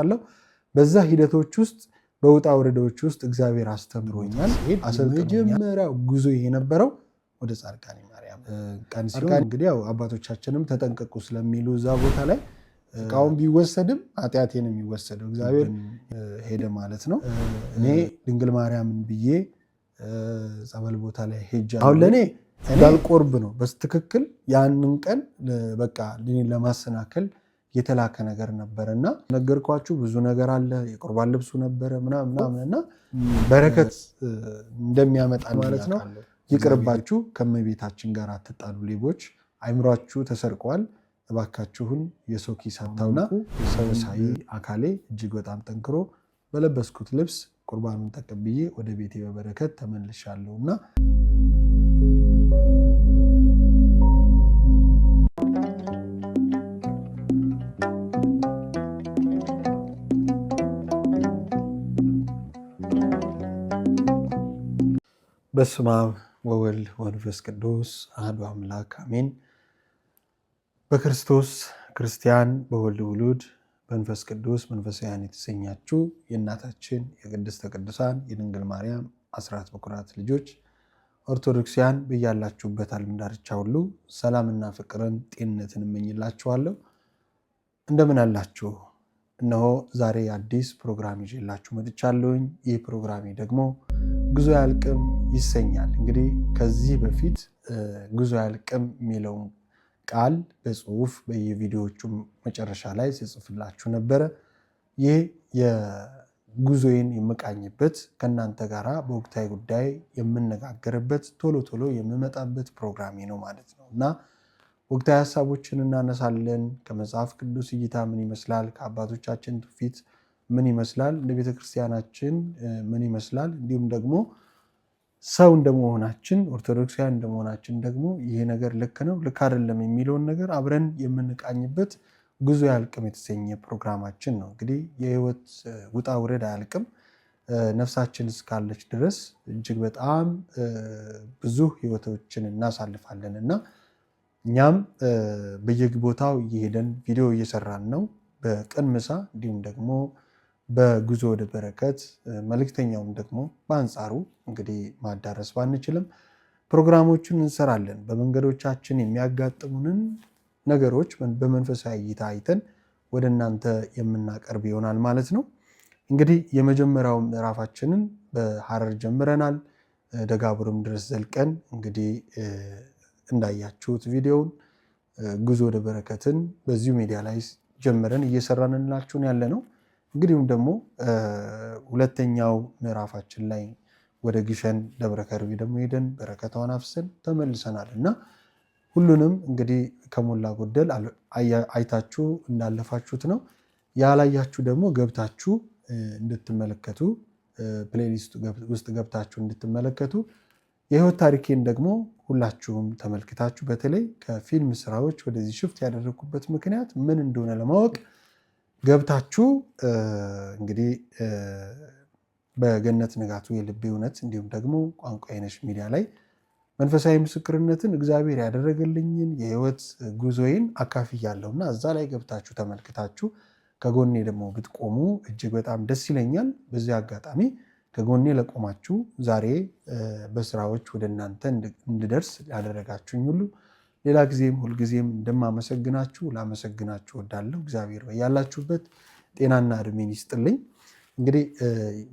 አለው። በዛ ሂደቶች ውስጥ በውጣ ውረዶች ውስጥ እግዚአብሔር አስተምሮኛል። መጀመሪያው ጉዞ የነበረው ወደ ጻድቃኔ ማርያም ቀን ሲሆን እንግዲህ ያው አባቶቻችንም ተጠንቀቁ ስለሚሉ እዛ ቦታ ላይ እቃውን ቢወሰድም ኃጢአቴን የሚወሰደው እግዚአብሔር ሄደ ማለት ነው። እኔ ድንግል ማርያምን ብዬ ጸበል ቦታ ላይ ሄጃ አሁን ለእኔ እንዳልቆርብ ነው በስትክክል ያንን ቀን በቃ ለማሰናከል የተላከ ነገር ነበረ እና ነገርኳችሁ፣ ብዙ ነገር አለ። የቁርባን ልብሱ ነበረ ምናምን ምናምን እና በረከት እንደሚያመጣ ማለት ነው። ይቅርባችሁ፣ ከመቤታችን ጋር አትጣሉ። ሌቦች አይምሯችሁ ተሰርቀዋል። እባካችሁን የሰው ኪስ አታውቁ። አካሌ እጅግ በጣም ጠንክሮ በለበስኩት ልብስ ቁርባኑን ተቀብዬ ወደ ቤቴ በበረከት ተመልሻለሁ እና በስመ አብ ወወልድ ወመንፈስ ቅዱስ አሐዱ አምላክ አሜን። በክርስቶስ ክርስቲያን በወልድ ውሉድ መንፈስ ቅዱስ መንፈሳውያን የተሰኛችሁ የእናታችን የቅድስተ ቅዱሳን የድንግል ማርያም አስራት በኩራት ልጆች ኦርቶዶክሲያን በያላችሁበት ዓለም ዳርቻ ሁሉ ሰላምና ፍቅርን ጤንነትን እመኝላችኋለሁ። እንደምን አላችሁ? እነሆ ዛሬ አዲስ ፕሮግራም ይዤላችሁ መጥቻለሁኝ። ይህ ፕሮግራሜ ደግሞ ጉዞ አያልቅም ይሰኛል። እንግዲህ ከዚህ በፊት ጉዞ አያልቅም የሚለውን ቃል በጽሁፍ በየቪዲዮዎቹ መጨረሻ ላይ ሲጽፍላችሁ ነበረ። ይህ የጉዞዬን የምቃኝበት ከእናንተ ጋራ በወቅታዊ ጉዳይ የምነጋገርበት ቶሎ ቶሎ የምመጣበት ፕሮግራሜ ነው ማለት ነው እና ወቅታዊ ሀሳቦችን እናነሳለን። ከመጽሐፍ ቅዱስ እይታ ምን ይመስላል፣ ከአባቶቻችን ትውፊት ምን ይመስላል፣ እንደ ቤተክርስቲያናችን ምን ይመስላል እንዲሁም ደግሞ ሰው እንደመሆናችን ኦርቶዶክሳውያን እንደመሆናችን ደግሞ ይሄ ነገር ልክ ነው ልክ አይደለም የሚለውን ነገር አብረን የምንቃኝበት ጉዞ አያልቅም የተሰኘ ፕሮግራማችን ነው። እንግዲህ የህይወት ውጣ ውረድ አያልቅም። ነፍሳችን እስካለች ድረስ እጅግ በጣም ብዙ ህይወቶችን እናሳልፋለን እና እኛም በየቦታው እየሄደን ቪዲዮ እየሰራን ነው በቅን ምሳ እንዲሁም ደግሞ በጉዞ ወደ በረከት መልእክተኛውም ደግሞ በአንጻሩ እንግዲህ ማዳረስ ባንችልም ፕሮግራሞቹን እንሰራለን። በመንገዶቻችን የሚያጋጥሙንን ነገሮች በመንፈሳዊ እይታ አይተን ወደ እናንተ የምናቀርብ ይሆናል ማለት ነው። እንግዲህ የመጀመሪያው ምዕራፋችንን በሐረር ጀምረናል። ደጋቡርም ድረስ ዘልቀን እንግዲህ እንዳያችሁት ቪዲዮውን ጉዞ ወደ በረከትን በዚሁ ሚዲያ ላይ ጀምረን እየሰራንላችሁን ያለ ነው። እንግዲሁም ደግሞ ሁለተኛው ምዕራፋችን ላይ ወደ ግሸን ደብረ ከርቤ ደግሞ ሄደን በረከታዋን አፍስን ተመልሰናል እና ሁሉንም እንግዲህ ከሞላ ጎደል አይታችሁ እንዳለፋችሁት ነው። ያላያችሁ ደግሞ ገብታችሁ እንድትመለከቱ ፕሌሊስት ውስጥ ገብታችሁ እንድትመለከቱ የህይወት ታሪኬን ደግሞ ሁላችሁም ተመልክታችሁ በተለይ ከፊልም ስራዎች ወደዚህ ሽፍት ያደረግኩበት ምክንያት ምን እንደሆነ ለማወቅ ገብታችሁ እንግዲህ በገነት ንጋቱ የልቤ እውነት እንዲሁም ደግሞ ቋንቋ ነሽ ሚዲያ ላይ መንፈሳዊ ምስክርነትን እግዚአብሔር ያደረገልኝን የህይወት ጉዞዬን ያለው እና እዛ ላይ ገብታችሁ ተመልክታችሁ ከጎኔ ደግሞ ብትቆሙ እጅግ በጣም ደስ ይለኛል። በዚህ አጋጣሚ ከጎኔ ለቆማችሁ ዛሬ በስራዎች ወደ እናንተ እንድደርስ ያደረጋችሁኝ ሁሉ ሌላ ጊዜም ሁልጊዜም እንደማመሰግናችሁ ላመሰግናችሁ ወዳለሁ እግዚአብሔር በያላችሁበት ጤናና እድሜን ይስጥልኝ። እንግዲህ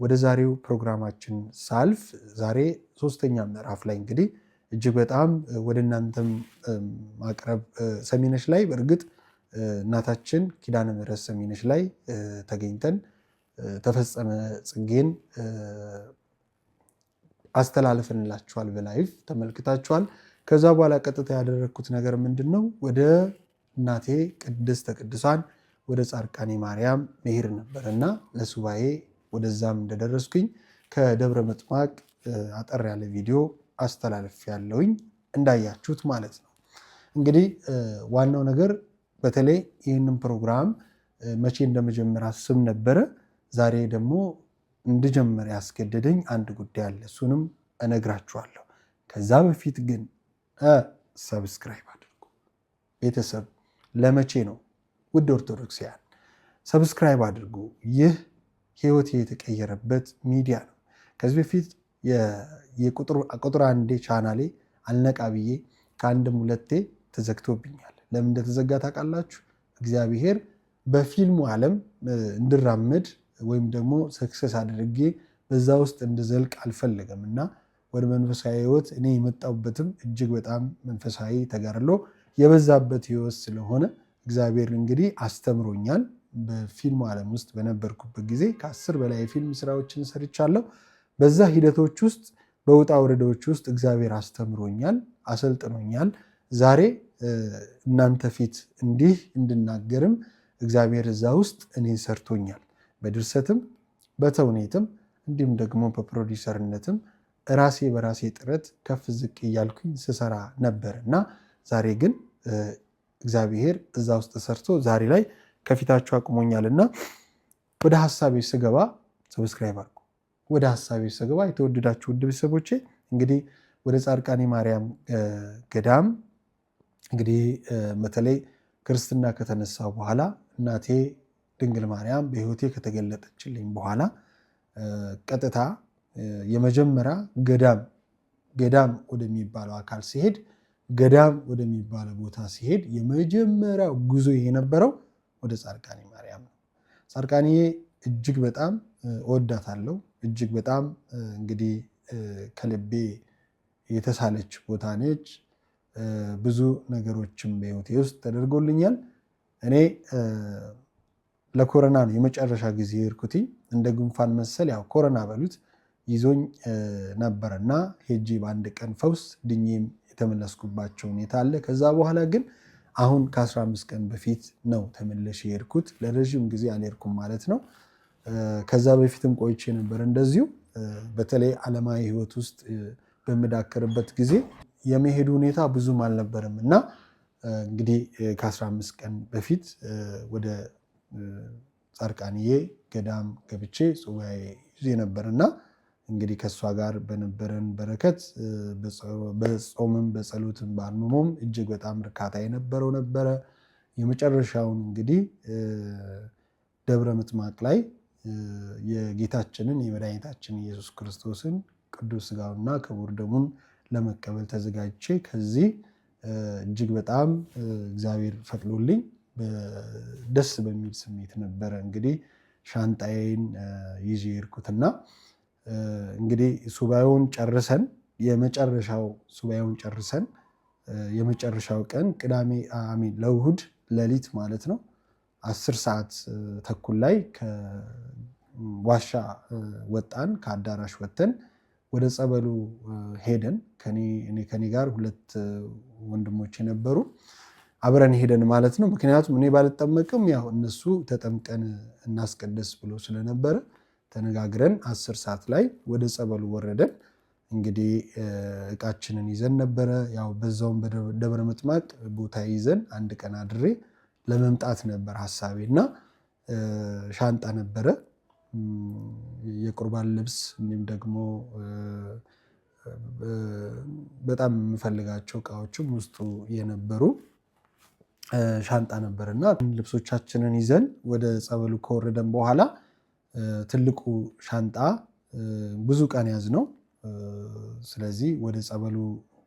ወደ ዛሬው ፕሮግራማችን ሳልፍ ዛሬ ሶስተኛ ምዕራፍ ላይ እንግዲህ እጅግ በጣም ወደ እናንተም ማቅረብ ሰሚነሽ ላይ በእርግጥ እናታችን ኪዳነ ምሕረት ሰሚነሽ ላይ ተገኝተን ተፈጸመ ጽጌን አስተላልፈንላችኋል በላይፍ ተመልክታችኋል። ከዛ በኋላ ቀጥታ ያደረግኩት ነገር ምንድን ነው? ወደ እናቴ ቅድስተ ቅዱሳን ወደ ጻድቃኔ ማርያም መሄድ ነበር እና ለሱባኤ ወደዛም እንደደረስኩኝ ከደብረ ምጥማቅ አጠር ያለ ቪዲዮ አስተላለፍ ያለውኝ እንዳያችሁት ማለት ነው። እንግዲህ ዋናው ነገር በተለይ ይህንን ፕሮግራም መቼ እንደመጀመር አስብ ነበረ። ዛሬ ደግሞ እንድጀምር ያስገደደኝ አንድ ጉዳይ አለ። እሱንም እነግራችኋለሁ። ከዛ በፊት ግን ሰብስክራይብ አድርጉ። ቤተሰብ ለመቼ ነው? ውድ ኦርቶዶክስያን ሰብስክራይብ አድርጉ። ይህ ህይወት የተቀየረበት ሚዲያ ነው። ከዚህ በፊት የቁጥር አንዴ ቻናሌ አልነቃ ብዬ ከአንድም ሁለቴ ተዘግቶብኛል። ለምን እንደተዘጋ ታውቃላችሁ? እግዚአብሔር በፊልሙ ዓለም እንድራመድ ወይም ደግሞ ሰክሰስ አድርጌ በዛ ውስጥ እንድዘልቅ አልፈለገም እና ወደ መንፈሳዊ ህይወት እኔ የመጣሁበትም እጅግ በጣም መንፈሳዊ ተጋድሎ የበዛበት ህይወት ስለሆነ እግዚአብሔር እንግዲህ አስተምሮኛል። በፊልሙ ዓለም ውስጥ በነበርኩበት ጊዜ ከአስር በላይ የፊልም ስራዎችን ሰርቻለሁ። በዛ ሂደቶች ውስጥ በውጣ ውረዳዎች ውስጥ እግዚአብሔር አስተምሮኛል፣ አሰልጥኖኛል። ዛሬ እናንተ ፊት እንዲህ እንድናገርም እግዚአብሔር እዛ ውስጥ እኔ ሰርቶኛል። በድርሰትም በተውኔትም እንዲሁም ደግሞ በፕሮዲሰርነትም ራሴ በራሴ ጥረት ከፍ ዝቅ እያልኩኝ ስሰራ ነበር እና ዛሬ ግን እግዚአብሔር እዛ ውስጥ ሰርቶ ዛሬ ላይ ከፊታችሁ አቁሞኛል እና ወደ ሀሳቤ ስገባ ሰብስክራይብ አድርጉ። ወደ ሀሳቤ ስገባ የተወደዳችሁ ውድ ቤተሰቦቼ እንግዲህ ወደ ጻድቃኔ ማርያም ገዳም እንግዲህ በተለይ ክርስትና ከተነሳ በኋላ እናቴ ድንግል ማርያም በሕይወቴ ከተገለጠችልኝ በኋላ ቀጥታ የመጀመሪያ ገዳም ገዳም ወደሚባለው አካል ሲሄድ ገዳም ወደሚባለው ቦታ ሲሄድ የመጀመሪያው ጉዞ የነበረው ወደ ጻድቃኔ ማርያም ነው። ጻድቃኔ እጅግ በጣም እወዳታለሁ። እጅግ በጣም እንግዲህ ከልቤ የተሳለች ቦታ ነች። ብዙ ነገሮችም በህይወቴ ውስጥ ተደርጎልኛል። እኔ ለኮረና ነው የመጨረሻ ጊዜ እርኩትኝ እንደ ጉንፋን መሰል ያው ኮረና በሉት ይዞኝ ነበር እና ሄጄ በአንድ ቀን ፈውስ ድኜም የተመለስኩባቸው ሁኔታ አለ። ከዛ በኋላ ግን አሁን ከ15 ቀን በፊት ነው ተመለሽ የሄድኩት። ለረዥም ጊዜ አልሄድኩም ማለት ነው። ከዛ በፊትም ቆይቼ ነበር እንደዚሁ። በተለይ ዓለማዊ ህይወት ውስጥ በምዳክርበት ጊዜ የመሄዱ ሁኔታ ብዙም አልነበርም እና እንግዲህ ከ15 ቀን በፊት ወደ ጻርቃንዬ ገዳም ገብቼ ጽዋዬ ይዤ ነበር እና እንግዲህ ከእሷ ጋር በነበረን በረከት በጾምም በጸሎትም በአልመሞም እጅግ በጣም እርካታ የነበረው ነበረ። የመጨረሻውን እንግዲህ ደብረ ምጥማቅ ላይ የጌታችንን የመድኃኒታችን ኢየሱስ ክርስቶስን ቅዱስ ስጋውና ክቡር ደሙን ለመቀበል ተዘጋጅቼ ከዚህ እጅግ በጣም እግዚአብሔር ፈቅዶልኝ ደስ በሚል ስሜት ነበረ እንግዲህ ሻንጣዬን ይዤ የሄድኩትና እንግዲህ ሱባኤውን ጨርሰን የመጨረሻው ሱባኤውን ጨርሰን የመጨረሻው ቀን ቅዳሜ አሚን ለእሑድ ሌሊት ማለት ነው አስር ሰዓት ተኩል ላይ ከዋሻ ወጣን፣ ከአዳራሽ ወጥተን ወደ ጸበሉ ሄደን ከኔ ጋር ሁለት ወንድሞች የነበሩ አብረን ሄደን ማለት ነው። ምክንያቱም እኔ ባልጠመቅም ያው እነሱ ተጠምቀን እናስቀደስ ብሎ ስለነበረ ተነጋግረን አስር ሰዓት ላይ ወደ ጸበሉ ወረደን። እንግዲህ እቃችንን ይዘን ነበረ። ያው በዛውም በደብረ ምጥማቅ ቦታ ይዘን አንድ ቀን አድሬ ለመምጣት ነበር ሀሳቤ እና ሻንጣ ነበረ የቁርባን ልብስ እንዲሁም ደግሞ በጣም የምፈልጋቸው እቃዎችም ውስጡ የነበሩ ሻንጣ ነበር እና ልብሶቻችንን ይዘን ወደ ጸበሉ ከወረደን በኋላ ትልቁ ሻንጣ ብዙ ቀን ያዝ ነው። ስለዚህ ወደ ጸበሉ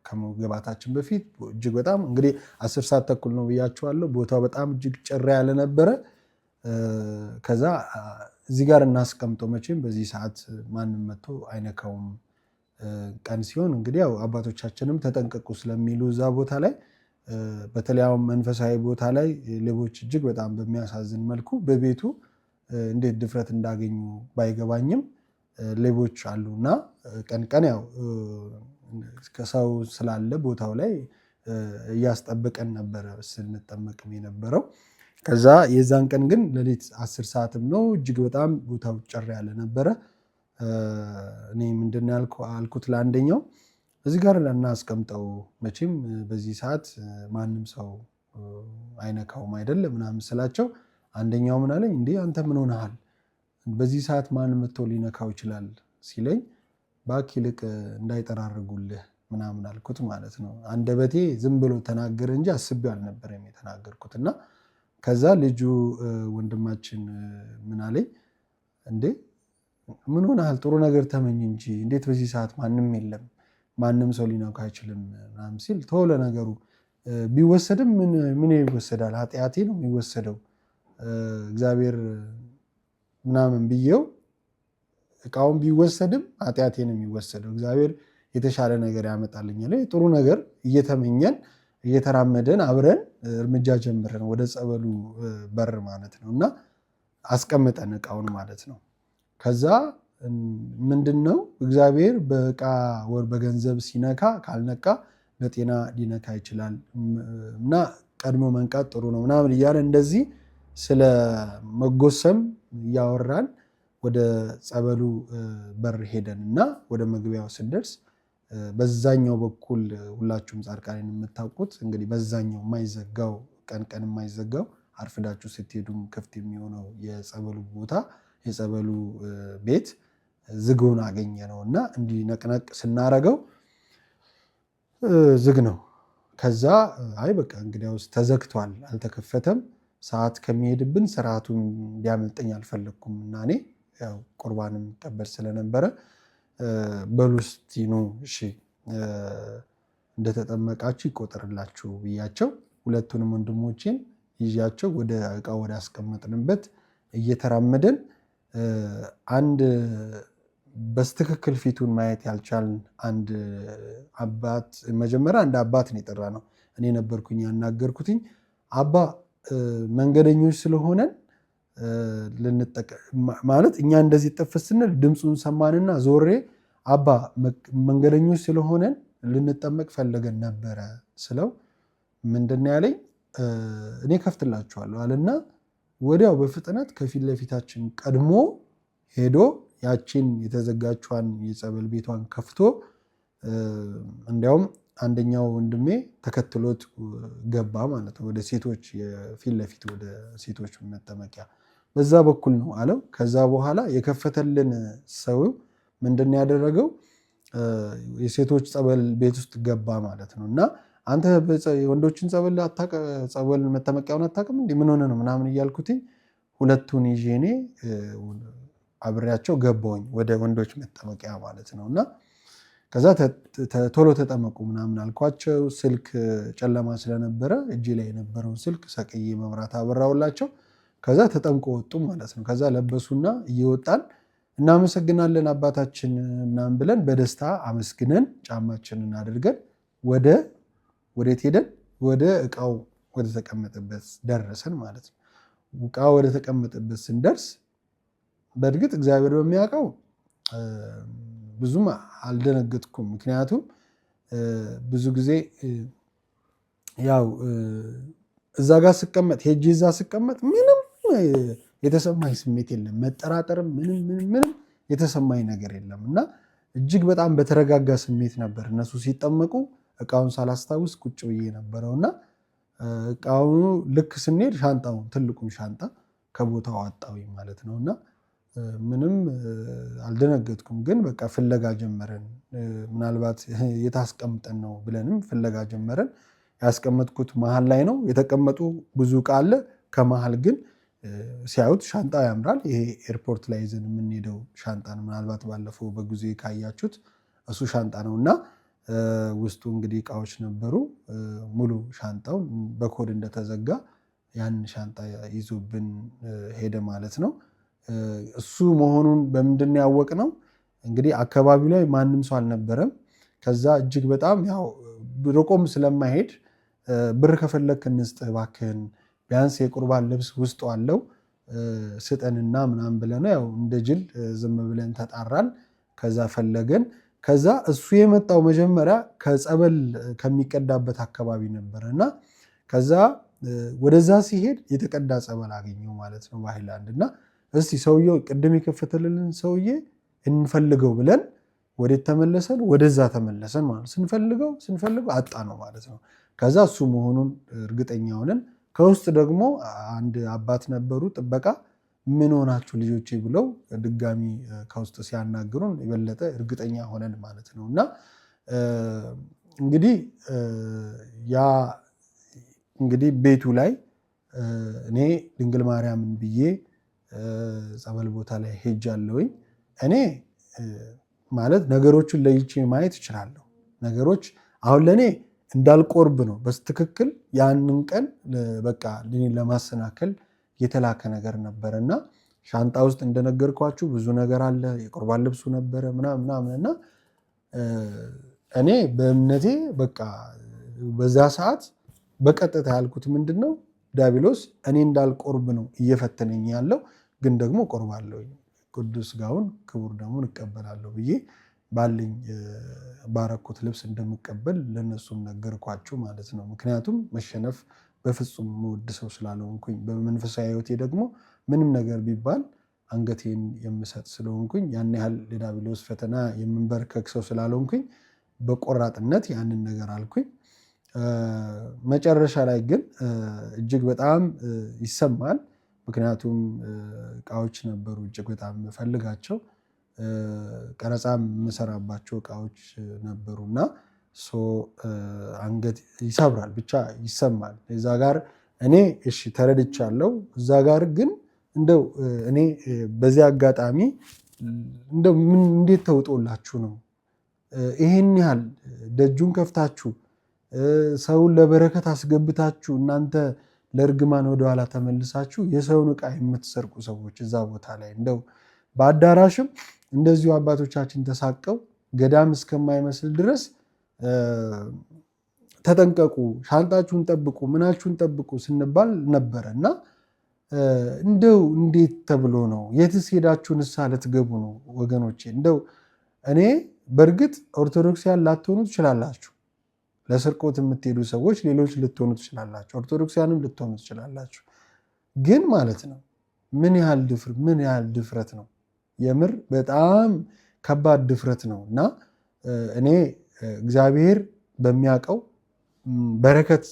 ከመግባታችን በፊት እጅግ በጣም እንግዲህ አስር ሰዓት ተኩል ነው ብያችኋለሁ። ቦታው በጣም እጅግ ጭራ ያለ ነበረ። ከዛ እዚህ ጋር እናስቀምጠው፣ መቼም በዚህ ሰዓት ማንም መጥቶ አይነካውም። ቀን ሲሆን እንግዲህ ያው አባቶቻችንም ተጠንቀቁ ስለሚሉ እዛ ቦታ ላይ በተለያዩ መንፈሳዊ ቦታ ላይ ሌቦች እጅግ በጣም በሚያሳዝን መልኩ በቤቱ እንዴት ድፍረት እንዳገኙ ባይገባኝም ሌቦች አሉ እና ቀን ቀን ያው ከሰው ስላለ ቦታው ላይ እያስጠበቀን ነበረ ስንጠመቅም የነበረው። ከዛ የዛን ቀን ግን ሌሊት አስር ሰዓትም ነው እጅግ በጣም ቦታው ጭር ያለ ነበረ። እኔ ምንድን አልኩት ለአንደኛው እዚህ ጋር እናስቀምጠው፣ መቼም በዚህ ሰዓት ማንም ሰው አይነካውም አይደለም ምናምን ስላቸው አንደኛው ምን አለኝ፣ እንዴ አንተ ምን ሆነሃል? በዚህ ሰዓት ማን መጥቶ ሊነካው ይችላል ሲለኝ፣ ባክ ይልቅ እንዳይጠራርጉልህ ምናምን አልኩት ማለት ነው። አንደበቴ ዝም ብሎ ተናገረ እንጂ አስቤው አልነበረም የተናገርኩት። እና ከዛ ልጁ ወንድማችን ምን አለኝ፣ እንዴ ምን ሆነሃል? ጥሩ ነገር ተመኝ እንጂ እንዴት በዚህ ሰዓት ማንም የለም ማንም ሰው ሊነካ አይችልም ምናምን ሲል ተወለ ነገሩ ቢወሰድም ምን ይወሰዳል? ኃጢአቴ ነው የሚወሰደው እግዚአብሔር ምናምን ብዬው እቃውን ቢወሰድም ኃጢአቴ ነው የሚወሰደው። እግዚአብሔር የተሻለ ነገር ያመጣልኛል። ጥሩ ነገር እየተመኘን እየተራመደን አብረን እርምጃ ጀምረን ወደ ጸበሉ በር ማለት ነው እና አስቀምጠን እቃውን ማለት ነው። ከዛ ምንድን ነው እግዚአብሔር በእቃ ወር በገንዘብ ሲነካ ካልነቃ በጤና ሊነካ ይችላል እና ቀድሞ መንቃት ጥሩ ነው ምናምን እያለ እንደዚህ ስለ መጎሰም እያወራን ወደ ጸበሉ በር ሄደን እና ወደ መግቢያው ስንደርስ በዛኛው በኩል ሁላችሁም ጻድቃኔን የምታውቁት እንግዲህ በዛኛው የማይዘጋው ቀን ቀን የማይዘጋው አርፍዳችሁ ስትሄዱም ክፍት የሚሆነው የጸበሉ ቦታ የጸበሉ ቤት ዝግውን አገኘ ነው እና እንዲህ ነቅነቅ ስናረገው ዝግ ነው። ከዛ አይ በቃ እንግዲያውስ ተዘግቷል፣ አልተከፈተም ሰዓት ከሚሄድብን ስርዓቱን ሊያመልጠኝ አልፈለግኩም እና እኔ ያው ቁርባንም ስለነበረ በሉስቲኑ እሺ እንደተጠመቃችሁ ይቆጠርላችሁ ብያቸው ሁለቱንም ወንድሞቼን ይዣቸው ወደ እቃ ወደ አስቀመጥንበት እየተራመደን አንድ በስትክክል ፊቱን ማየት ያልቻልን አንድ አባት መጀመሪያ አንድ አባት ነው የጠራ ነው። እኔ ነበርኩኝ ያናገርኩትኝ አባ መንገደኞች ስለሆነን ማለት እኛ እንደዚህ ጥፍት ስንል ድምፁን ሰማንና ዞሬ አባ መንገደኞች ስለሆነን ልንጠመቅ ፈለገን ነበረ ስለው ምንድን ያለኝ እኔ ከፍትላችኋለሁ አለና ወዲያው በፍጥነት ከፊት ለፊታችን ቀድሞ ሄዶ ያቺን የተዘጋቿን የጸበል ቤቷን ከፍቶ እንዲያውም አንደኛው ወንድሜ ተከትሎት ገባ ማለት ነው። ወደ ሴቶች የፊት ለፊት ወደ ሴቶች መጠመቂያ በዛ በኩል ነው አለው። ከዛ በኋላ የከፈተልን ሰው ምንድን ያደረገው የሴቶች ጸበል ቤት ውስጥ ገባ ማለት ነው። እና አንተ የወንዶችን ጸበል ጸበል መጠመቂያውን አታቅም እንዲ ምን ሆነ ነው ምናምን እያልኩትኝ ሁለቱን ይዤ እኔ አብሬያቸው ገባውኝ ወደ ወንዶች መጠመቂያ ማለት ነው እና ከዛ ቶሎ ተጠመቁ ምናምን አልኳቸው። ስልክ ጨለማ ስለነበረ እጅ ላይ የነበረውን ስልክ ሰቅዬ መብራት አበራውላቸው። ከዛ ተጠምቆ ወጡ ማለት ነው። ከዛ ለበሱና እየወጣን እናመሰግናለን አባታችን ምናምን ብለን በደስታ አመስግነን ጫማችንን አድርገን ወደ ወዴት ሄደን ወደ እቃው ወደ ተቀመጠበት ደረሰን ማለት ነው። እቃ ወደ ተቀመጠበት ስንደርስ በእርግጥ እግዚአብሔር በሚያውቀው ብዙም አልደነገጥኩም። ምክንያቱም ብዙ ጊዜ ያው እዛ ጋር ስቀመጥ ሄጅ እዛ ስቀመጥ ምንም የተሰማኝ ስሜት የለም። መጠራጠርም ምንም ምንም ምንም የተሰማኝ ነገር የለም እና እጅግ በጣም በተረጋጋ ስሜት ነበር እነሱ ሲጠመቁ እቃውን ሳላስታውስ ቁጭ ብዬ ነበረው እና እቃውኑ ልክ ስንሄድ ሻንጣውን ትልቁን ሻንጣ ከቦታው አጣዊ ማለት ነው እና ምንም አልደነገጥኩም። ግን በቃ ፍለጋ ጀመረን። ምናልባት የት አስቀምጠን ነው ብለንም ፍለጋ ጀመረን። ያስቀመጥኩት መሀል ላይ ነው። የተቀመጡ ብዙ እቃ አለ። ከመሀል ግን ሲያዩት ሻንጣ ያምራል። ይሄ ኤርፖርት ላይ ይዘን የምንሄደው ሻንጣ ነው። ምናልባት ባለፈው በጊዜ ካያችሁት እሱ ሻንጣ ነው እና ውስጡ እንግዲህ እቃዎች ነበሩ። ሙሉ ሻንጣው በኮድ እንደተዘጋ ያን ሻንጣ ይዞብን ሄደ ማለት ነው። እሱ መሆኑን በምንድን ያወቅ ነው እንግዲህ አካባቢው ላይ ማንም ሰው አልነበረም። ከዛ እጅግ በጣም ያው ርቆም ስለማሄድ ብር ከፈለክ እንስጥህ እባክህን ቢያንስ የቁርባን ልብስ ውስጡ አለው ስጠንና ምናምን ብለን ያው እንደ ጅል ዝም ብለን ተጣራን። ከዛ ፈለገን። ከዛ እሱ የመጣው መጀመሪያ ከጸበል ከሚቀዳበት አካባቢ ነበረ እና ከዛ ወደዛ ሲሄድ የተቀዳ ጸበል አገኘው ማለት ነው በሃይላንድ እና እስቲ ሰውየው ቅድም የከፈተልልን ሰውዬ እንፈልገው ብለን ወዴት ተመለሰን? ወደዛ ተመለሰን ማለት ስንፈልገው ስንፈልገው አጣ ነው ማለት ነው። ከዛ እሱ መሆኑን እርግጠኛ ሆነን ከውስጥ ደግሞ አንድ አባት ነበሩ ጥበቃ ምን ሆናችሁ ልጆቼ ብለው ድጋሚ ከውስጥ ሲያናግሩን የበለጠ እርግጠኛ ሆነን ማለት ነው። እና እንግዲህ ያ እንግዲህ ቤቱ ላይ እኔ ድንግል ማርያምን ብዬ ጸበል ቦታ ላይ ሄጃለሁኝ። እኔ ማለት ነገሮችን ለይቼ ማየት እችላለሁ። ነገሮች አሁን ለእኔ እንዳልቆርብ ነው። በስትክክል ያንን ቀን በቃ ለማሰናከል የተላከ ነገር ነበር እና ሻንጣ ውስጥ እንደነገርኳችሁ ብዙ ነገር አለ። የቁርባን ልብሱ ነበረ ምናምን ምናምን እና እኔ በእምነቴ በቃ በዛ ሰዓት በቀጥታ ያልኩት ምንድን ነው ዲያብሎስ እኔ እንዳልቆርብ ነው እየፈተነኝ ያለው። ግን ደግሞ ቆርባለሁ ቅዱስ ሥጋውን ክቡር ደሙን እቀበላለሁ ብዬ ባለኝ ባረኩት ልብስ እንደምቀበል ለነሱም ነገርኳቸው ማለት ነው። ምክንያቱም መሸነፍ በፍጹም መወድ ሰው ስላልሆንኩኝ በመንፈሳዊ ሕይወቴ ደግሞ ምንም ነገር ቢባል አንገቴን የምሰጥ ስለሆንኩኝ ያን ያህል ለዲያብሎስ ፈተና የምንበርከክ ሰው ስላልሆንኩኝ በቆራጥነት ያንን ነገር አልኩኝ። መጨረሻ ላይ ግን እጅግ በጣም ይሰማል ምክንያቱም እቃዎች ነበሩ እጅግ በጣም የምፈልጋቸው ቀረፃ የምሰራባቸው እቃዎች ነበሩ እና አንገት ይሰብራል፣ ብቻ ይሰማል። እዛ ጋር እኔ እሺ ተረድቻለሁ። እዛ ጋር ግን እንደው እኔ በዚህ አጋጣሚ እንደው ምን እንዴት ተውጦላችሁ ነው ይሄን ያህል ደጁን ከፍታችሁ ሰውን ለበረከት አስገብታችሁ እናንተ ለእርግማን ወደኋላ ተመልሳችሁ የሰውን ዕቃ የምትሰርቁ ሰዎች እዛ ቦታ ላይ እንደው በአዳራሽም እንደዚሁ አባቶቻችን ተሳቀው ገዳም እስከማይመስል ድረስ ተጠንቀቁ፣ ሻንጣችሁን ጠብቁ፣ ምናችሁን ጠብቁ ስንባል ነበረ እና እንደው እንዴት ተብሎ ነው? የትስ ሄዳችሁ ንስሐ ልትገቡ ነው? ወገኖቼ እንደው እኔ በእርግጥ ኦርቶዶክሲያን ላትሆኑ ትችላላችሁ። ለስርቆት የምትሄዱ ሰዎች ሌሎች ልትሆኑ ትችላላችሁ፣ ኦርቶዶክሲያንም ልትሆኑ ትችላላችሁ። ግን ማለት ነው ምን ያህል ድፍር ምን ያህል ድፍረት ነው? የምር በጣም ከባድ ድፍረት ነው እና እኔ እግዚአብሔር በሚያውቀው በረከት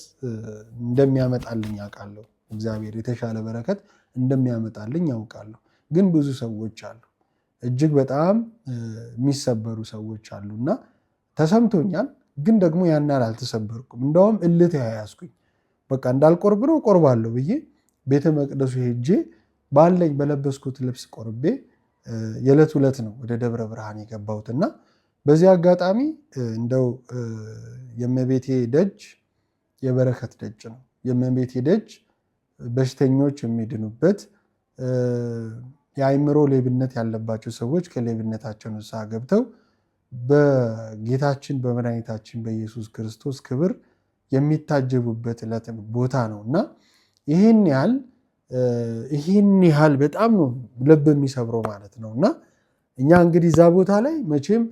እንደሚያመጣልኝ ያውቃለሁ። እግዚአብሔር የተሻለ በረከት እንደሚያመጣልኝ ያውቃለሁ። ግን ብዙ ሰዎች አሉ፣ እጅግ በጣም የሚሰበሩ ሰዎች አሉ እና ተሰምቶኛል ግን ደግሞ ያን ያህል አልተሰበርኩም። እንደውም እልት ያያዝኩኝ በቃ እንዳልቆርብ ነው ቆርባለሁ ብዬ ቤተ መቅደሱ ሄጄ ባለኝ በለበስኩት ልብስ ቆርቤ የዕለት ዕለት ነው ወደ ደብረ ብርሃን የገባሁት እና በዚህ አጋጣሚ እንደው የእመቤቴ ደጅ የበረከት ደጅ ነው። የእመቤቴ ደጅ በሽተኞች የሚድኑበት የአይምሮ ሌብነት ያለባቸው ሰዎች ከሌብነታቸው ንስሐ ገብተው በጌታችን በመድኃኒታችን በኢየሱስ ክርስቶስ ክብር የሚታጀቡበት ዕለት ቦታ ነው እና ይህን ያህል ይህን ያህል በጣም ነው ልብ የሚሰብረው ማለት ነው እና እኛ እንግዲህ እዛ ቦታ ላይ መቼም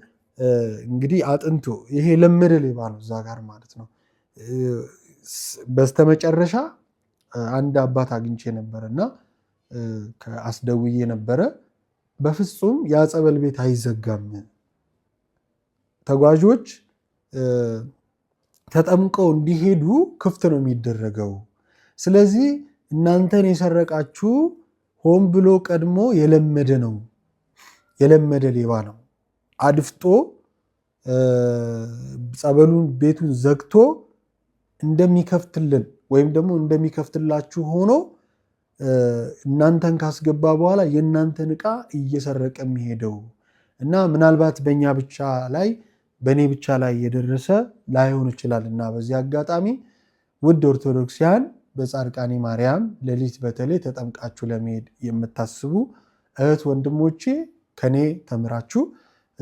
እንግዲህ አጥንቶ ይሄ ሌባ ነው እዛ ጋር ማለት ነው። በስተመጨረሻ አንድ አባት አግኝቼ ነበረ እና አስደውዬ ነበረ። በፍጹም የአጸበል ቤት አይዘጋም ተጓዦች ተጠምቀው እንዲሄዱ ክፍት ነው የሚደረገው። ስለዚህ እናንተን የሰረቃችሁ ሆን ብሎ ቀድሞ የለመደ ነው፣ የለመደ ሌባ ነው። አድፍጦ ጸበሉን ቤቱን ዘግቶ እንደሚከፍትልን ወይም ደግሞ እንደሚከፍትላችሁ ሆኖ እናንተን ካስገባ በኋላ የእናንተን ዕቃ እየሰረቀ የሚሄደው እና ምናልባት በእኛ ብቻ ላይ በእኔ ብቻ ላይ የደረሰ ላይሆን ይችላል እና በዚህ አጋጣሚ ውድ ኦርቶዶክሲያን በጻድቃኔ ማርያም ሌሊት በተለይ ተጠምቃችሁ ለመሄድ የምታስቡ እህት ወንድሞቼ ከኔ ተምራችሁ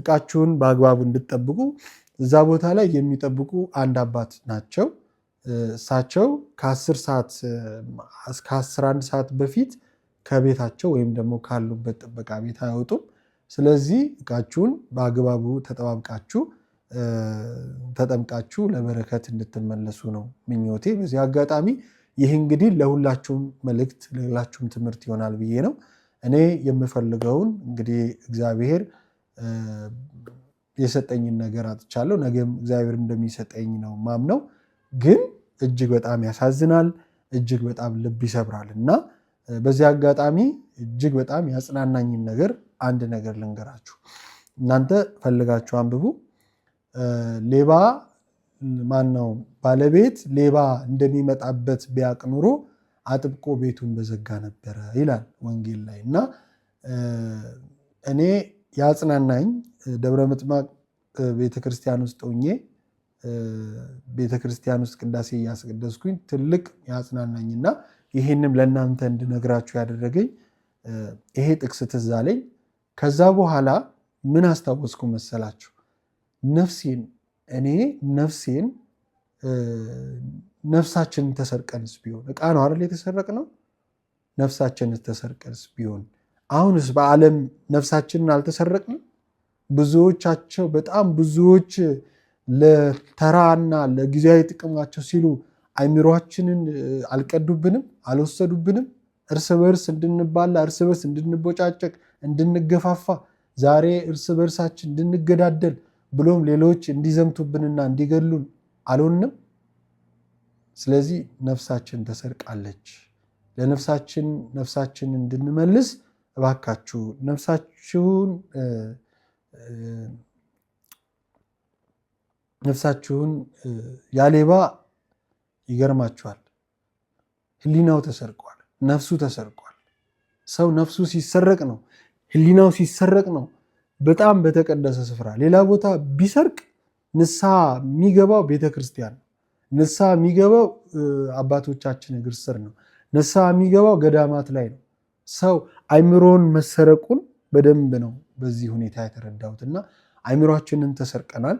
እቃችሁን በአግባቡ እንድትጠብቁ እዛ ቦታ ላይ የሚጠብቁ አንድ አባት ናቸው። እሳቸው ከአስር ሰዓት እስከ አስራ አንድ ሰዓት በፊት ከቤታቸው ወይም ደግሞ ካሉበት ጥበቃ ቤት አይወጡም። ስለዚህ እቃችሁን በአግባቡ ተጠባብቃችሁ ተጠምቃችሁ ለበረከት እንድትመለሱ ነው ምኞቴ። በዚህ አጋጣሚ ይህ እንግዲህ ለሁላችሁም መልእክት ለሁላችሁም ትምህርት ይሆናል ብዬ ነው። እኔ የምፈልገውን እንግዲህ እግዚአብሔር የሰጠኝን ነገር አጥቻለሁ። ነገም እግዚአብሔር እንደሚሰጠኝ ነው ማምነው። ግን እጅግ በጣም ያሳዝናል፣ እጅግ በጣም ልብ ይሰብራል እና በዚህ አጋጣሚ እጅግ በጣም ያጽናናኝን ነገር አንድ ነገር ልንገራችሁ። እናንተ ፈልጋችሁ አንብቡ ሌባ ነው ባለቤት ሌባ እንደሚመጣበት ቢያቅ ኑሮ አጥብቆ ቤቱን በዘጋ ነበረ ይላል ወንጌል ላይ እና እኔ ያጽናናኝ ደብረ ምጥማቅ ቤተክርስቲያን ውስጥ ሆኜ ቤተክርስቲያን ውስጥ ቅዳሴ እያስቀደስኩኝ ትልቅ እና ይህንም ለእናንተ እንድነግራችሁ ያደረገኝ ይሄ ጥቅስ ትዝ አለኝ። ከዛ በኋላ ምን አስታወስኩ መሰላችሁ? ነፍሴን እኔ ነፍሴን ነፍሳችንን ተሰርቀንስ ቢሆን እቃ ነው አይደል ነው ነፍሳችንን ተሰርቀንስ ቢሆን አሁንስ በዓለም ነፍሳችንን አልተሰረቅንም? ብዙዎቻቸው በጣም ብዙዎች ለተራና ለጊዜያዊ ጥቅማቸው ሲሉ አይምሯችንን አልቀዱብንም? አልወሰዱብንም? እርስ በርስ እንድንባላ፣ እርስ በርስ እንድንቦጫጨቅ፣ እንድንገፋፋ ዛሬ እርስ በርሳችን እንድንገዳደል ብሎም ሌሎች እንዲዘምቱብንና እንዲገሉን አልሆንም። ስለዚህ ነፍሳችን ተሰርቃለች። ለነፍሳችን ነፍሳችን እንድንመልስ እባካችሁ ነፍሳችሁን ነፍሳችሁን ያሌባ ይገርማችኋል፣ ህሊናው ተሰርቋል፣ ነፍሱ ተሰርቋል። ሰው ነፍሱ ሲሰረቅ ነው፣ ህሊናው ሲሰረቅ ነው በጣም በተቀደሰ ስፍራ ሌላ ቦታ ቢሰርቅ ንስሐ የሚገባው ቤተክርስቲያን ነው። ንስሐ የሚገባው አባቶቻችን እግር ስር ነው። ንስሐ የሚገባው ገዳማት ላይ ነው። ሰው አይምሮን መሰረቁን በደንብ ነው በዚህ ሁኔታ የተረዳሁት እና አይምሯችንን ተሰርቀናል።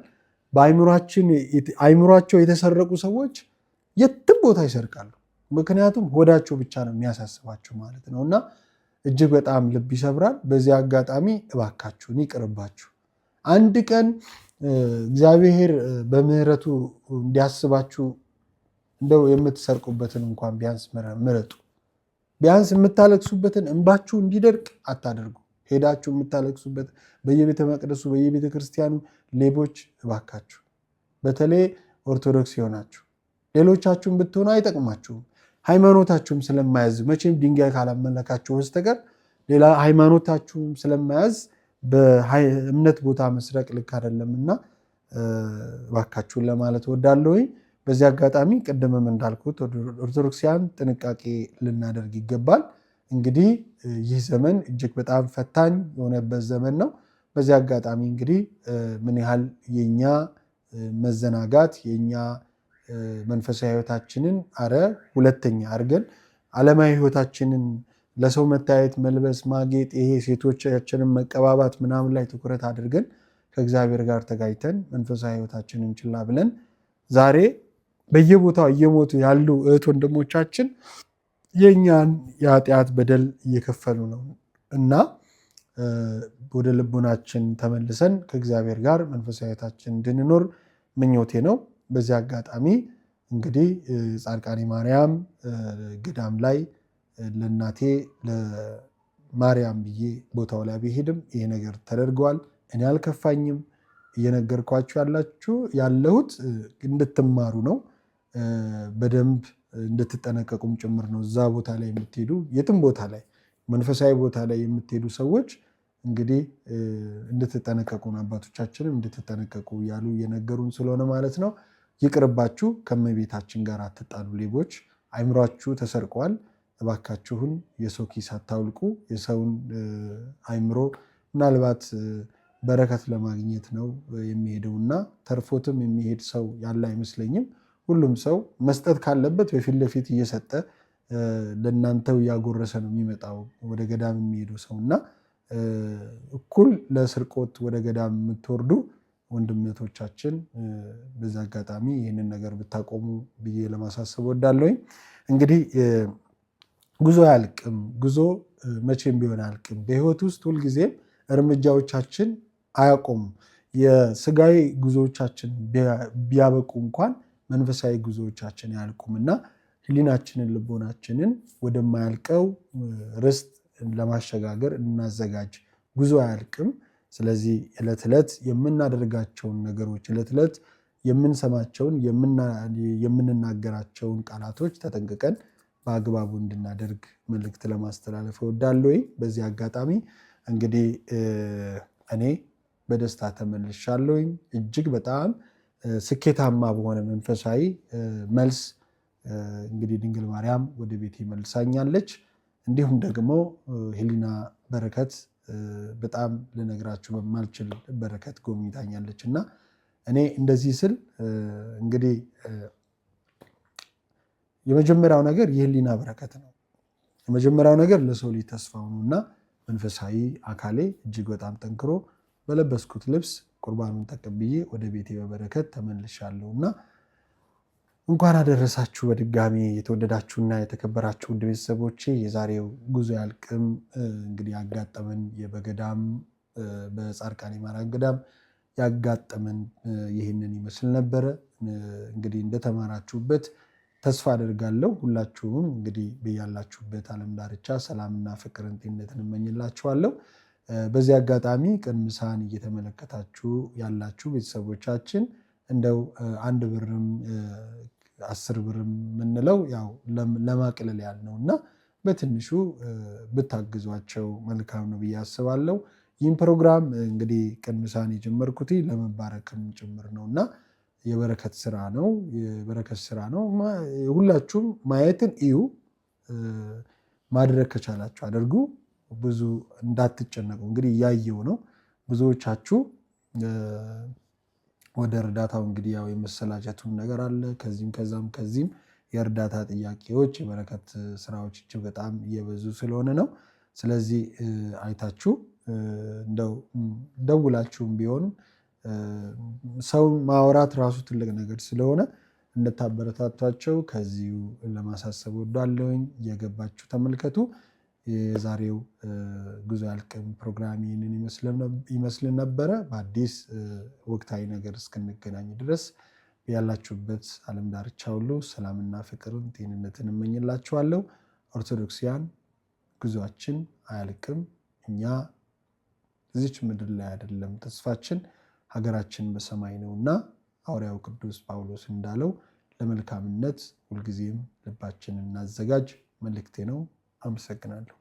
በአይምሯችን አይምሯቸው የተሰረቁ ሰዎች የትም ቦታ ይሰርቃሉ። ምክንያቱም ሆዳቸው ብቻ ነው የሚያሳስባቸው ማለት ነው እና እጅግ በጣም ልብ ይሰብራል። በዚህ አጋጣሚ እባካችሁን ይቅርባችሁ። አንድ ቀን እግዚአብሔር በምሕረቱ እንዲያስባችሁ እንደው የምትሰርቁበትን እንኳን ቢያንስ ምረጡ። ቢያንስ የምታለቅሱበትን እንባችሁ እንዲደርቅ አታደርጉ። ሄዳችሁ የምታለቅሱበት በየቤተ መቅደሱ በየቤተ ክርስቲያኑ ሌቦች፣ እባካችሁ በተለይ ኦርቶዶክስ የሆናችሁ ሌሎቻችሁን ብትሆኑ አይጠቅማችሁም። ሃይማኖታችሁም ስለማያዝ መቼም ድንጋይ ካላመለካችሁ በስተቀር ሌላ ሃይማኖታችሁም ስለማያዝ በእምነት ቦታ መስረቅ ልክ አይደለም እና እባካችሁን ለማለት እወዳለሁ። በዚህ አጋጣሚ ቅድምም እንዳልኩት ኦርቶዶክሲያን ጥንቃቄ ልናደርግ ይገባል። እንግዲህ ይህ ዘመን እጅግ በጣም ፈታኝ የሆነበት ዘመን ነው። በዚህ አጋጣሚ እንግዲህ ምን ያህል የኛ መዘናጋት የኛ መንፈሳዊ ህይወታችንን አረ ሁለተኛ አድርገን አለማዊ ህይወታችንን ለሰው መታየት፣ መልበስ፣ ማጌጥ ይሄ ሴቶቻችንን መቀባባት ምናምን ላይ ትኩረት አድርገን ከእግዚአብሔር ጋር ተጋጭተን መንፈሳዊ ህይወታችንን ችላ ብለን ዛሬ በየቦታው እየሞቱ ያሉ እህት ወንድሞቻችን የእኛን የኃጢአት በደል እየከፈሉ ነው እና ወደ ልቡናችን ተመልሰን ከእግዚአብሔር ጋር መንፈሳዊ ህይወታችን እንድንኖር ምኞቴ ነው። በዚህ አጋጣሚ እንግዲህ ጻድቃኒ ማርያም ገዳም ላይ ለእናቴ ለማርያም ብዬ ቦታው ላይ ብሄድም ይሄ ነገር ተደርገዋል። እኔ አልከፋኝም። እየነገርኳችሁ ያላችሁ ያለሁት እንድትማሩ ነው። በደንብ እንድትጠነቀቁም ጭምር ነው። እዛ ቦታ ላይ የምትሄዱ የትም ቦታ ላይ መንፈሳዊ ቦታ ላይ የምትሄዱ ሰዎች እንግዲህ እንድትጠነቀቁን አባቶቻችንም እንድትጠነቀቁ እያሉ እየነገሩን ስለሆነ ማለት ነው። ይቅርባችሁ፣ ከመቤታችን ጋር አትጣሉ፣ ሌቦች አይምሯችሁ ተሰርቋል፣ እባካችሁን የሰው ኪስ አታውልቁ። የሰውን አይምሮ ምናልባት በረከት ለማግኘት ነው የሚሄደው እና ተርፎትም የሚሄድ ሰው ያለ አይመስለኝም። ሁሉም ሰው መስጠት ካለበት በፊት ለፊት እየሰጠ ለእናንተው እያጎረሰ ነው የሚመጣው ወደ ገዳም የሚሄደው ሰው እና እኩል ለስርቆት ወደ ገዳም የምትወርዱ ወንድምቶቻችን በዚህ አጋጣሚ ይህንን ነገር ብታቆሙ ብዬ ለማሳሰብ ወዳለሁኝ። እንግዲህ ጉዞ አያልቅም። ጉዞ መቼም ቢሆን አያልቅም። በህይወት ውስጥ ሁልጊዜም እርምጃዎቻችን አያቆሙም። የስጋዊ ጉዞዎቻችን ቢያበቁ እንኳን መንፈሳዊ ጉዞዎቻችን አያልቁም እና ህሊናችንን፣ ልቦናችንን ወደማያልቀው ርስት ለማሸጋገር እናዘጋጅ። ጉዞ አያልቅም። ስለዚህ ዕለት ዕለት የምናደርጋቸውን ነገሮች ዕለት ዕለት የምንሰማቸውን የምንናገራቸውን ቃላቶች ተጠንቅቀን በአግባቡ እንድናደርግ መልእክት ለማስተላለፍ እወዳለሁ። በዚህ አጋጣሚ እንግዲህ እኔ በደስታ ተመልሻለሁኝ። እጅግ በጣም ስኬታማ በሆነ መንፈሳዊ መልስ እንግዲህ ድንግል ማርያም ወደ ቤት ይመልሳኛለች። እንዲሁም ደግሞ ሄሊና በረከት በጣም ልነግራችሁ በማልችል በረከት ጎብኝታኛለች እና እኔ እንደዚህ ስል እንግዲህ የመጀመሪያው ነገር የህሊና በረከት ነው። የመጀመሪያው ነገር ለሰው ልጅ ተስፋው ነው እና መንፈሳዊ አካሌ እጅግ በጣም ጠንክሮ በለበስኩት ልብስ ቁርባኑን ተቀብዬ ወደ ቤቴ በበረከት ተመልሻለሁ እና እንኳን አደረሳችሁ በድጋሚ የተወደዳችሁና የተከበራችሁ ውድ ቤተሰቦቼ። የዛሬው ጉዞ ያልቅም እንግዲህ ያጋጠመን የበገዳም በጻድቃኔ ማርያም ገዳም ያጋጠመን ይህንን ይመስል ነበረ። እንግዲህ እንደተማራችሁበት ተስፋ አደርጋለሁ። ሁላችሁም እንግዲህ በያላችሁበት ዓለም ዳርቻ ሰላምና ፍቅርን ጤንነትን እመኝላችኋለሁ። በዚህ አጋጣሚ ቅን ምሳን እየተመለከታችሁ ያላችሁ ቤተሰቦቻችን እንደው አንድ ብርም አስር ብር የምንለው ያው ለማቅለል ያል ነው እና በትንሹ ብታግዟቸው መልካም ነው ብዬ አስባለሁ። ይህም ፕሮግራም እንግዲህ ቅድምሳን የጀመርኩት ለመባረክም ጭምር ነው እና የበረከት ስራ ነው፣ የበረከት ስራ ነው። ሁላችሁም ማየትን እዩ። ማድረግ ከቻላችሁ አድርጉ። ብዙ እንዳትጨነቁ። እንግዲህ እያየው ነው ብዙዎቻችሁ ወደ እርዳታው እንግዲህ ያው የመሰላቸቱን ነገር አለ። ከዚህም ከዛም ከዚህም የእርዳታ ጥያቄዎች የበረከት ስራዎች እጅግ በጣም እየበዙ ስለሆነ ነው። ስለዚህ አይታችሁ እንደው ደውላችሁም ቢሆን ሰው ማውራት ራሱ ትልቅ ነገር ስለሆነ እንድታበረታቷቸው ከዚሁ ለማሳሰብ ወዳለሁኝ። እየገባችሁ ተመልከቱ። የዛሬው ጉዞ አያልቅም ፕሮግራም ይህንን ይመስል ነበረ። በአዲስ ወቅታዊ ነገር እስክንገናኝ ድረስ ያላችሁበት ዓለም ዳርቻ ሁሉ ሰላምና ፍቅርን ጤንነትን እመኝላችኋለሁ። ኦርቶዶክሲያን ጉዟችን አያልቅም። እኛ እዚች ምድር ላይ አይደለም ተስፋችን፣ ሀገራችን በሰማይ ነው እና ሐዋርያው ቅዱስ ጳውሎስ እንዳለው ለመልካምነት ሁልጊዜም ልባችን እናዘጋጅ መልእክቴ ነው። አመሰግናለሁ።